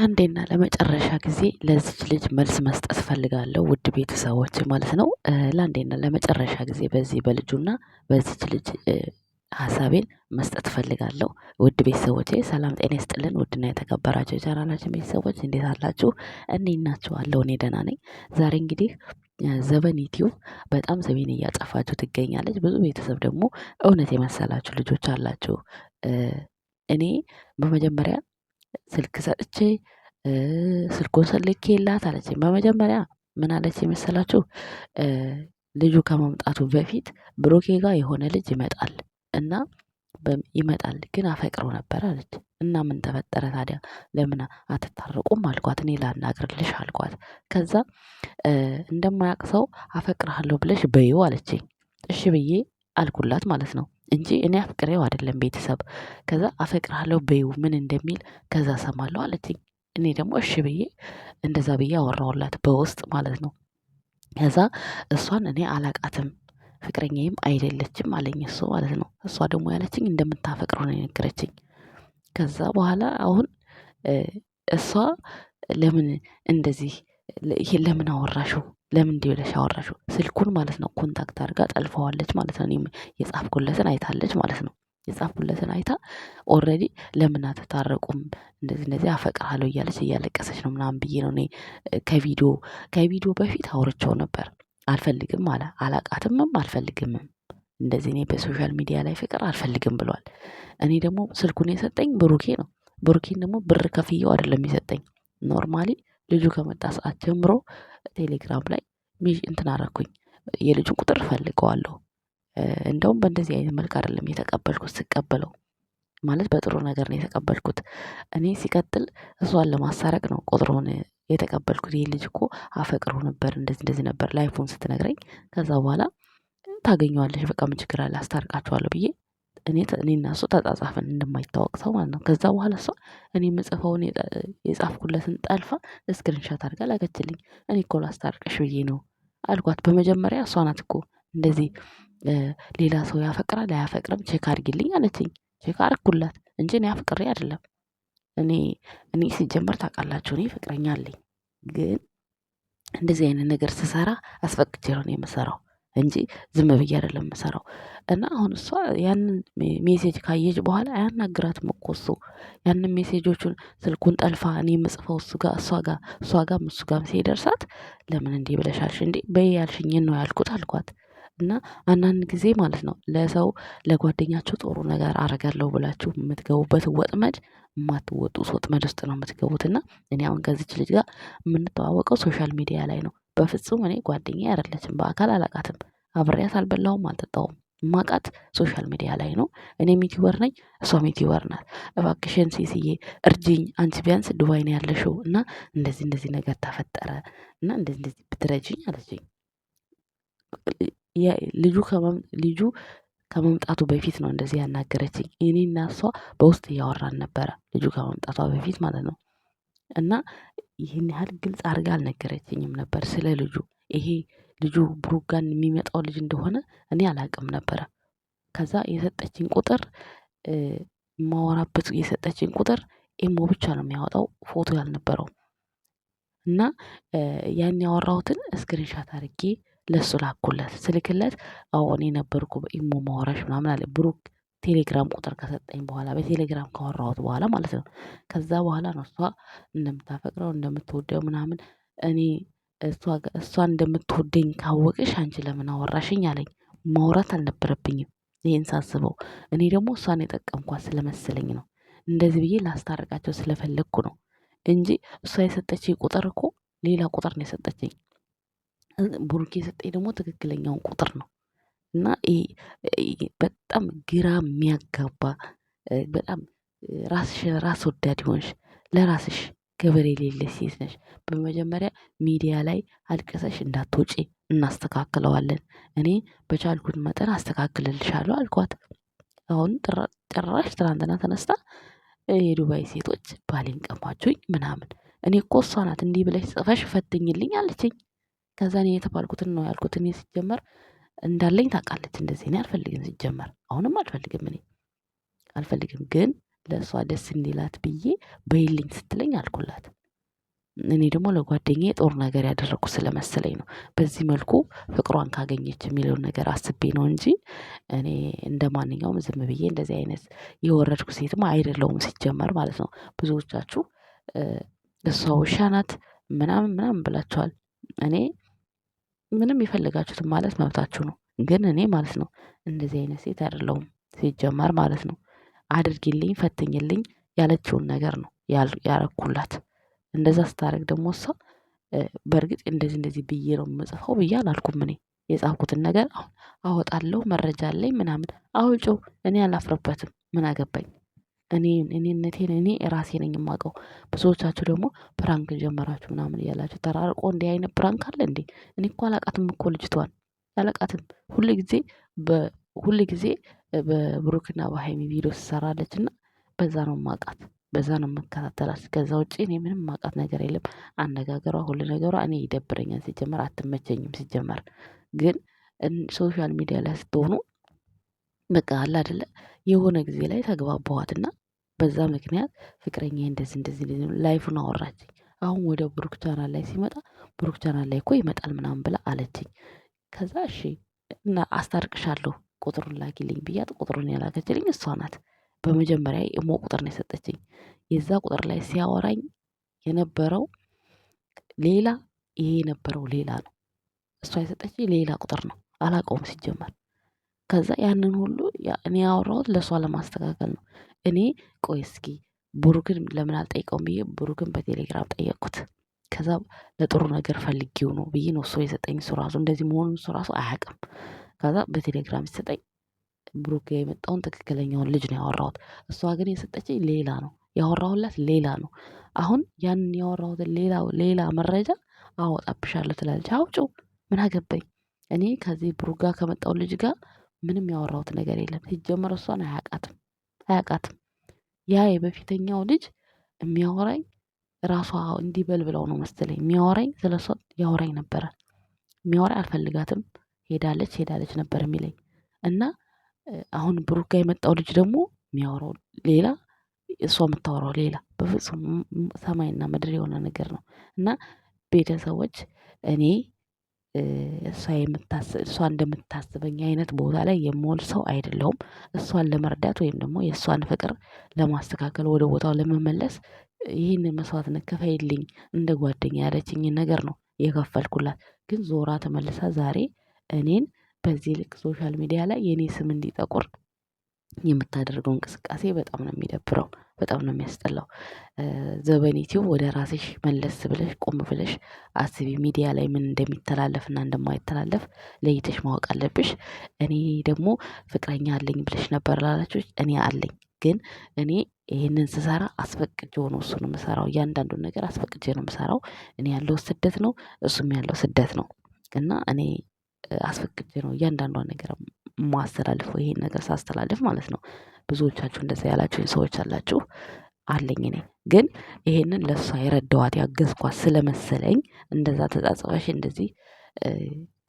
ለአንዴና ለመጨረሻ ጊዜ ለዚች ልጅ መልስ መስጠት ፈልጋለሁ ውድ ቤተሰቦች ማለት ነው። ለአንዴና ለመጨረሻ ጊዜ በዚህ በልጁና በዚች ልጅ ሀሳቤን መስጠት ፈልጋለሁ። ውድ ቤተሰቦች ሰላም ጤና ይስጥልን። ውድና የተከበራቸው የቻናላችን ቤተሰቦች እንዴት አላችሁ? እኔ ናችኋለሁ? እኔ ደህና ነኝ። ዛሬ እንግዲህ ዘበን ዩቲዩብ በጣም ስሜን እያጠፋችሁ ትገኛለች። ብዙ ቤተሰብ ደግሞ እውነት የመሰላችሁ ልጆች አላችሁ። እኔ በመጀመሪያ ስልክ ሰጥቼ ስልኩን ልኬላት አለች በመጀመሪያ ምን አለች የመሰላችሁ ልጁ ከመምጣቱ በፊት ብሩኬ ጋር የሆነ ልጅ ይመጣል እና ይመጣል ግን አፈቅረው ነበር አለች። እና ምን ተፈጠረ ታዲያ ለምን አትታረቁም አልኳት። እኔ ላናግርልሽ አልኳት። ከዛ እንደማያቅሰው ሰው አፈቅርሃለሁ ብለሽ በይው አለችኝ። እሺ ብዬ አልኩላት ማለት ነው። እንጂ እኔ አፍቅሬው አይደለም ቤተሰብ ከዛ አፈቅርሃለሁ በይው ምን እንደሚል ከዛ ሰማለሁ አለችኝ። እኔ ደግሞ እሺ ብዬ እንደዛ ብዬ አወራውላት በውስጥ ማለት ነው። ከዛ እሷን እኔ አላቃትም ፍቅረኛዬም አይደለችም አለኝ እሱ ማለት ነው። እሷ ደግሞ ያለችኝ እንደምታፈቅረው ነው የነገረችኝ። ከዛ በኋላ አሁን እሷ ለምን እንደዚህ ለምን አወራሽው ለምን እንዲህ ብለሽ አወራሽው ስልኩን ማለት ነው ኮንታክት አድርጋ ጠልፈዋለች ማለት ነው። እኔም የጻፍኩለትን አይታለች ማለት ነው። የጻፍኩለትን አይታ ኦረዲ ለምን አትታረቁም እንደዚህ እንደዚህ አፈቅርሃለሁ እያለች እያለቀሰች ነው ምናምን ብዬ ነው ከቪዲዮ ከቪዲዮ በፊት አውርቼው ነበር። አልፈልግም አለ አላቃትምም አልፈልግምም እንደዚህ እኔ በሶሻል ሚዲያ ላይ ፍቅር አልፈልግም ብሏል። እኔ ደግሞ ስልኩን የሰጠኝ ብሩኬ ነው። ብሩኬን ደግሞ ብር ከፍዬው አይደለም የሰጠኝ ኖርማሊ ልጁ ከመጣ ሰዓት ጀምሮ ቴሌግራም ላይ እንትን አረኩኝ የልጁን ቁጥር ፈልገዋለሁ እንደውም በእንደዚህ አይነት መልክ አይደለም የተቀበልኩት ስቀበለው ማለት በጥሩ ነገር ነው የተቀበልኩት። እኔ ሲቀጥል እሷን ለማሳረቅ ነው ቁጥሩን የተቀበልኩት ይህ ልጅ እኮ አፈቅሮ ነበር እንደዚህ እንደዚህ ነበር ላይፉን ስትነግረኝ ከዛ በኋላ ታገኘዋለሽ በቃ ምን ችግር አለ ብዬ እኔ እኔና እሱ ተጻጻፈን እንደማይታወቅ ሰው ማለት ነው። ከዛ በኋላ እሷ እኔ የምጽፈውን የጻፍኩለትን ጠልፋ እስክሪንሻት አድርጋ ላከችልኝ። እኔ እኮ ላስታርቅሽ ብዬ ነው አልኳት። በመጀመሪያ እሷ ናት እኮ እንደዚህ ሌላ ሰው ያፈቅራል አያፈቅርም ቼክ አድርጊልኝ አለችኝ። ቼክ አርኩላት እንጂ እኔ አፍቅሬ አይደለም። እኔ እኔ ሲጀመር ታውቃላችሁ እኔ ፍቅረኛ አለኝ። ግን እንደዚህ አይነት ነገር ስሰራ አስፈቅጄ ነው የምሰራው እንጂ ዝም ብዬ አይደለም የምሰራው። እና አሁን እሷ ያንን ሜሴጅ ካየች በኋላ አያናግራትም እኮ እሱ ያንን ሜሴጆቹን ስልኩን ጠልፋ እኔ የምጽፈው እሱ ጋር እሷ ጋር እሷ ጋርም እሱ ጋርም ሲደርሳት ለምን እንዲህ ብለሻልሽ እንዴ በይ ያልሽኝን ነው ያልኩት አልኳት። እና አንዳንድ ጊዜ ማለት ነው ለሰው ለጓደኛቸው ጥሩ ነገር አደርጋለሁ ብላችሁ የምትገቡበት ወጥመድ የማትወጡት ወጥመድ ውስጥ ነው የምትገቡት። እና እኔ አሁን ከዚች ልጅ ጋር የምንተዋወቀው ሶሻል ሚዲያ ላይ ነው በፍጹም እኔ ጓደኛ አይደለችም። በአካል አላቃትም አብሬያት አልበላውም አልጠጣውም ማቃት ሶሻል ሚዲያ ላይ ነው። እኔ ሚቲወር ነኝ፣ እሷ ሚቲወር ናት። እባክሽን ሴስዬ እርጅኝ፣ አንቺ ቢያንስ ዱባይ ነው ያለሽው እና እንደዚህ እንደዚህ ነገር ተፈጠረ እና እንደዚህ እንደዚህ ብትረጅኝ አለችኝ። ልጁ ልጁ ከመምጣቱ በፊት ነው እንደዚህ ያናገረችኝ። እኔና እሷ በውስጥ እያወራን ነበረ ልጁ ከመምጣቷ በፊት ማለት ነው እና ይህን ያህል ግልጽ አድርጋ አልነገረችኝም ነበር ስለ ልጁ። ይሄ ልጁ ብሩክ ጋር የሚመጣው ልጅ እንደሆነ እኔ አላቅም ነበረ። ከዛ የሰጠችኝ ቁጥር የማወራበት የሰጠችኝ ቁጥር ኤሞ ብቻ ነው የሚያወጣው ፎቶ ያልነበረው እና ያን ያወራሁትን እስክሪንሻት አድርጌ ለሱ ላኩለት ስልክለት አዎ እኔ ነበርኩ በኢሞ ማወራሽ ምናምን አለ ብሩክ ቴሌግራም ቁጥር ከሰጠኝ በኋላ በቴሌግራም ካወራሁት በኋላ ማለት ነው። ከዛ በኋላ ነው እሷ እንደምታፈቅረው እንደምትወደው ምናምን እኔ እሷ እንደምትወደኝ ካወቅሽ አንቺ ለምን አወራሽኝ አለኝ። ማውራት አልነበረብኝም ይህን ሳስበው እኔ ደግሞ እሷን የጠቀምኳት ስለመሰለኝ ነው። እንደዚህ ብዬ ላስታረቃቸው ስለፈለኩ ነው። እንጂ እሷ የሰጠችኝ ቁጥር እኮ ሌላ ቁጥር ነው የሰጠችኝ። ብሩክ የሰጠኝ ደግሞ ትክክለኛውን ቁጥር ነው እና በጣም ግራ የሚያጋባ በጣም ራስሽ ራስ ወዳድ ሆንሽ ለራስሽ ገበሬ የሌለሽ ሴት ነሽ። በመጀመሪያ ሚዲያ ላይ አልቀሰሽ እንዳትወጪ እናስተካክለዋለን እኔ በቻልኩት መጠን አስተካክልልሻለሁ አልኳት። አሁን ጭራሽ ትናንትና ተነስታ የዱባይ ሴቶች ባሌን ቀማችሁኝ ምናምን እኔ እኮ እሷ ናት እንዲህ ብለሽ ጽፈሽ ፈትኝልኝ አለችኝ። ከዛ እኔ የተባልኩትን ነው ያልኩት እኔ ሲጀመር እንዳለኝ ታውቃለች። እንደዚህ እኔ አልፈልግም ሲጀመር አሁንም አልፈልግም እኔ አልፈልግም ግን ለእሷ ደስ እንዲላት ብዬ በይልኝ ስትለኝ አልኩላት። እኔ ደግሞ ለጓደኛ ጦር ነገር ያደረግኩ ስለመሰለኝ ነው። በዚህ መልኩ ፍቅሯን ካገኘች የሚለውን ነገር አስቤ ነው እንጂ እኔ እንደ ማንኛውም ዝም ብዬ እንደዚህ አይነት የወረድኩ ሴትም አይደለውም ሲጀመር ማለት ነው። ብዙዎቻችሁ እሷ ውሻ ናት ምናምን ምናምን ብላችኋል። እኔ ምንም የፈለጋችሁትን ማለት መብታችሁ ነው። ግን እኔ ማለት ነው እንደዚህ አይነት ሴት አይደለሁም ሲጀመር ማለት ነው። አድርጊልኝ ፈትኝልኝ ያለችውን ነገር ነው ያረኩላት። እንደዛ ስታደርግ ደግሞ እሷ በእርግጥ እንደዚህ እንደዚህ ብዬ ነው የምጽፈው ብዬ አላልኩም። እኔ የጻፍኩትን ነገር አሁን አወጣለሁ መረጃ አለኝ ምናምን አውጪው እኔ አላፍርበትም ምን አገባኝ እኔ እኔነቴን እኔ ራሴ ነኝ የማውቀው። ብዙዎቻችሁ ደግሞ ፕራንክ ጀመራችሁ ምናምን እያላችሁ ተራርቆ እንዲህ አይነት ፕራንክ አለ እንዴ? እኔ እኮ አላቃትም እኮ ልጅቷን አላቃትም። ሁል ጊዜ ሁል ጊዜ በብሩክና በሃይሚ ቪዲዮ ትሰራለች እና በዛ ነው ማቃት በዛ ነው የምከታተላት። ከዛ ውጭ እኔ ምንም ማቃት ነገር የለም። አነጋገሯ ሁሉ ነገሯ እኔ ይደብረኛል ሲጀመር አትመቸኝም ሲጀመር ግን ሶሻል ሚዲያ ላይ ስትሆኑ በቃ አለ አደለ የሆነ ጊዜ ላይ ተግባባኋትና በዛ ምክንያት ፍቅረኛ እንደዚህ እንደዚህ ላይፉን አወራችኝ። አሁን ወደ ብሩክ ቻናል ላይ ሲመጣ ብሩክ ቻናል ላይ እኮ ይመጣል ምናምን ብላ አለችኝ። ከዛ እሺ እና አስታርቅሻለሁ ቁጥሩን ላኪልኝ ብያት ቁጥሩን ያላከችልኝ እሷ ናት። በመጀመሪያ ኢሞ ቁጥር ነው የሰጠችኝ። የዛ ቁጥር ላይ ሲያወራኝ የነበረው ሌላ ይሄ የነበረው ሌላ ነው። እሷ የሰጠችኝ ሌላ ቁጥር ነው አላቀውም ሲጀመር ከዛ ያንን ሁሉ እኔ ያወራሁት ለእሷ ለማስተካከል ነው። እኔ ቆይ እስኪ ብሩክን ለምን አልጠይቀውም ብዬ ብሩክን በቴሌግራም ጠየቅኩት። ከዛ ለጥሩ ነገር ፈልጊው ነው ብዬ ነው እሱ የሰጠኝ እሱ ራሱ እንደዚህ መሆኑን እሱ ራሱ አያውቅም። ከዛ በቴሌግራም ሲሰጠኝ ብሩክ የመጣውን ትክክለኛውን ልጅ ነው ያወራሁት። እሷ ግን የሰጠችኝ ሌላ ነው ያወራሁላት ሌላ ነው። አሁን ያንን ያወራሁትን ሌላ ሌላ መረጃ አወጣብሻለሁ ትላለች። አውጪው ምን አገባኝ እኔ ከዚህ ብሩክ ጋር ከመጣው ልጅ ጋር ምንም ያወራሁት ነገር የለም። ሲጀመር እሷን አያውቃትም አያውቃትም። ያ የበፊተኛው ልጅ የሚያወራኝ ራሷ እንዲህ በል ብለው ነው መሰለኝ የሚያወራኝ ስለሷ ያወራኝ ነበረ። የሚያወራ አልፈልጋትም ሄዳለች ሄዳለች ነበር የሚለኝ እና አሁን ብሩክ ጋር የመጣው ልጅ ደግሞ የሚያወራው ሌላ እሷ የምታወራው ሌላ በፍጹም ሰማይና ምድር የሆነ ነገር ነው። እና ቤተሰቦች እኔ እሷ እሷ እንደምታስበኝ አይነት ቦታ ላይ የምውል ሰው አይደለሁም። እሷን ለመርዳት ወይም ደግሞ የእሷን ፍቅር ለማስተካከል ወደ ቦታው ለመመለስ ይህንን መስዋዕትነት ክፈይልኝ እንደ ጓደኛ ያለችኝን ነገር ነው የከፈልኩላት። ግን ዞራ ተመልሳ ዛሬ እኔን በዚህ ልክ ሶሻል ሚዲያ ላይ የእኔ ስም እንዲጠቁር የምታደርገው እንቅስቃሴ በጣም ነው የሚደብረው በጣም ነው የሚያስጠላው። ዘበኒቲው ወደ ራስሽ መለስ ብለሽ ቆም ብለሽ አስቢ ሚዲያ ላይ ምን እንደሚተላለፍና እንደማይተላለፍ ለይተሽ ማወቅ አለብሽ። እኔ ደግሞ ፍቅረኛ አለኝ ብለሽ ነበር ላላችሁኝ እኔ አለኝ ግን እኔ ይህንን ስሰራ እሱ ነው እሱን የምሰራው እያንዳንዱን ነገር አስፈቅጄ ነው የምሰራው። እኔ ያለው ስደት ነው እሱም ያለው ስደት ነው። እና እኔ አስፈቅጄ ነው እያንዳንዷን ነገር ማስተላልፈው ይሄን ነገር ሳስተላልፍ ማለት ነው። ብዙዎቻችሁ እንደዛ ያላችሁኝ ሰዎች አላችሁ አለኝ እኔ ግን ይሄንን ለእሷ የረዳዋት ያገዝኳት ስለመሰለኝ እንደዛ ተጻጽፈሽ እንደዚህ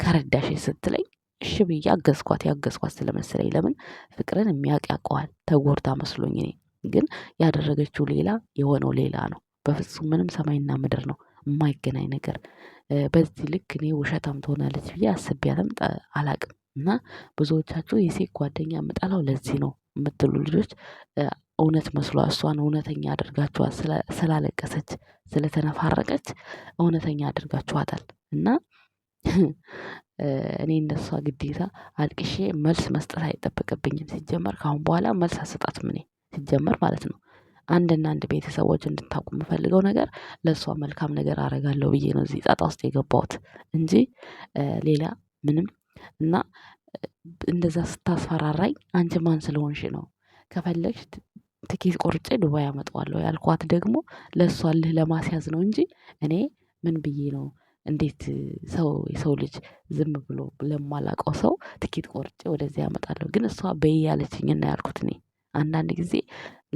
ከረዳሽ ስትለኝ እሺ ብዬ አገዝኳት ያገዝኳት ስለመሰለኝ ለምን ፍቅርን የሚያውቅ ያውቀዋል ተጎድታ መስሎኝ እኔ ግን ያደረገችው ሌላ የሆነው ሌላ ነው በፍጹም ምንም ሰማይና ምድር ነው የማይገናኝ ነገር በዚህ ልክ እኔ ውሸታም ትሆናለች ብዬ አስቤያትም አላቅም እና ብዙዎቻችሁ የሴት ጓደኛ የምጠላው ለዚህ ነው የምትሉ ልጆች እውነት መስሏ እሷን እውነተኛ አድርጋችኋል። ስላለቀሰች ስለተነፋረቀች እውነተኛ አድርጋችኋታል። እና እኔ እንደሷ ግዴታ አልቅሼ መልስ መስጠት አይጠበቅብኝም። ሲጀመር ከአሁን በኋላ መልስ አሰጣት እኔ ሲጀመር ማለት ነው። አንድና አንድ ቤተሰቦች እንድታውቁ የምፈልገው ነገር ለእሷ መልካም ነገር አደርጋለሁ ብዬ ነው እዚህ ጣጣ ውስጥ የገባሁት እንጂ ሌላ ምንም እና እንደዛ ስታስፈራራኝ አንቺ ማን ስለሆንሽ ነው ከፈለግሽ ትኬት ቆርጬ ዱባይ አመጣዋለሁ ያልኳት ደግሞ ለእሷ ልህ ለማስያዝ ነው እንጂ እኔ ምን ብዬ ነው እንዴት ሰው የሰው ልጅ ዝም ብሎ ለማላውቀው ሰው ትኬት ቆርጬ ወደዚያ ያመጣለሁ ግን እሷ በይ ያለችኝ ነው ያልኩት እኔ አንዳንድ ጊዜ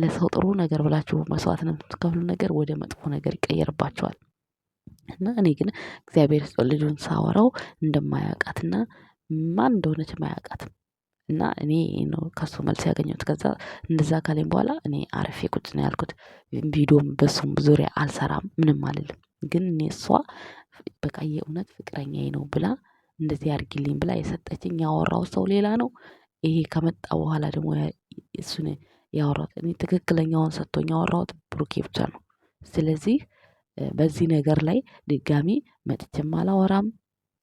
ለሰው ጥሩ ነገር ብላችሁ መስዋዕትነት የምትከፍሉ ነገር ወደ መጥፎ ነገር ይቀየርባቸዋል እና እኔ ግን እግዚአብሔር ስጦ ልጁን ሳወራው እንደማያውቃትና ማን እንደሆነች ማያውቃት እና እኔ ነው ከሱ መልስ ያገኘሁት። ከዛ እንደዛ ካለኝ በኋላ እኔ አረፌ ቁጭ ነው ያልኩት። ቪዲዮም በሱም ዙሪያ አልሰራም ምንም አልልም። ግን እኔ እሷ በቃ የእውነት ፍቅረኛዬ ነው ብላ እንደዚህ አድርጊልኝ ብላ የሰጠችኝ ያወራው ሰው ሌላ ነው። ይሄ ከመጣ በኋላ ደግሞ እሱን ያወራት እኔ ትክክለኛውን ሰጥቶኝ ያወራሁት ብሩኬ ብቻ ነው። ስለዚህ በዚህ ነገር ላይ ድጋሚ መጥቼም አላወራም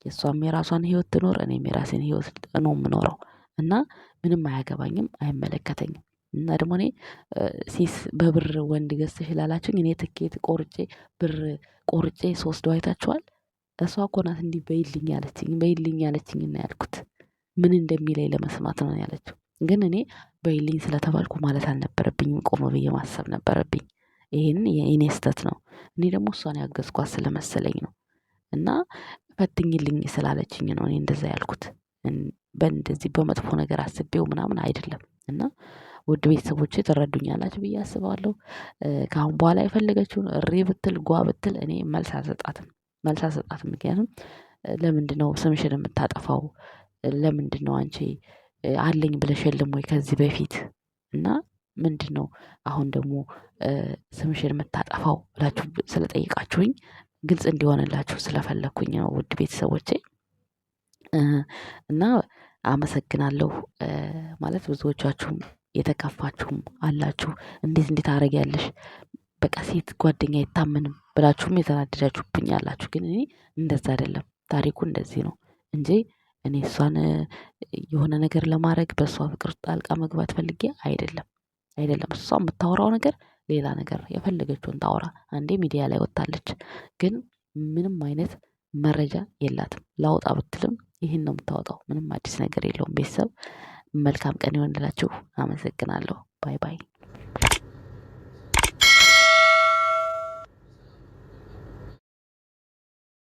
የእሷም የራሷን ህይወት ትኖር እኔም የራሴን ህይወት ነው የምኖረው እና ምንም አያገባኝም አይመለከተኝም። እና ደግሞ እኔ ሲስ በብር ወንድ ገዝተሽ ላላችሁኝ እኔ ትኬት ቆርጬ ብር ቆርጬ ሶስት አይታችኋል እሷ እኮ ናት እንዲህ በይልኝ ያለችኝ በይልኝ ያለችኝ እና ያልኩት። ምን እንደሚለኝ ለመስማት ነው ያለችው ግን እኔ በይልኝ ስለተባልኩ ማለት አልነበረብኝም ቆመ ብዬ ማሰብ ነበረብኝ። ይህን የኔ ስህተት ነው እኔ ደግሞ እሷን ያገዝኳት ስለመሰለኝ ነው። እና ፈትኝልኝ ስላለችኝ ነው እኔ እንደዛ ያልኩት። በእንደዚህ በመጥፎ ነገር አስቤው ምናምን አይደለም። እና ውድ ቤተሰቦች ትረዱኛላችሁ ብዬ አስባለሁ። ከአሁን በኋላ የፈለገችውን እሪ ብትል ጓ ብትል እኔ መልስ አልሰጣትም መልስ አልሰጣትም። ምክንያቱም ለምንድነው ስምሽን የምታጠፋው? ለምንድነው አንቺ አለኝ ብለሽ የለም ወይ ከዚህ በፊት እና ነው አሁን ደግሞ ስምሽን የምታጠፋው ብላችሁ ስለጠየቃችሁኝ ግልጽ እንዲሆንላችሁ ስለፈለግኩኝ ነው ውድ ቤተሰቦቼ። እና አመሰግናለሁ ማለት ብዙዎቻችሁም የተከፋችሁም አላችሁ። እንዴት እንዴት ያለሽ በቃ ሴት ጓደኛ አይታመንም ብላችሁም የተናደዳችሁብኝ አላችሁ። ግን እኔ እንደዛ አይደለም፣ ታሪኩ እንደዚህ ነው እንጂ እኔ እሷን የሆነ ነገር ለማድረግ በእሷ ፍቅር ጣልቃ መግባት ፈልጌ አይደለም አይደለም። እሷ የምታወራው ነገር ሌላ ነገር የፈለገችውን ታውራ አንዴ ሚዲያ ላይ ወጥታለች፣ ግን ምንም አይነት መረጃ የላትም። ላውጣ ብትልም ይህን ነው የምታወጣው። ምንም አዲስ ነገር የለውም። ቤተሰብ መልካም ቀን ይሆንላችሁ። አመሰግናለሁ። ባይ ባይ።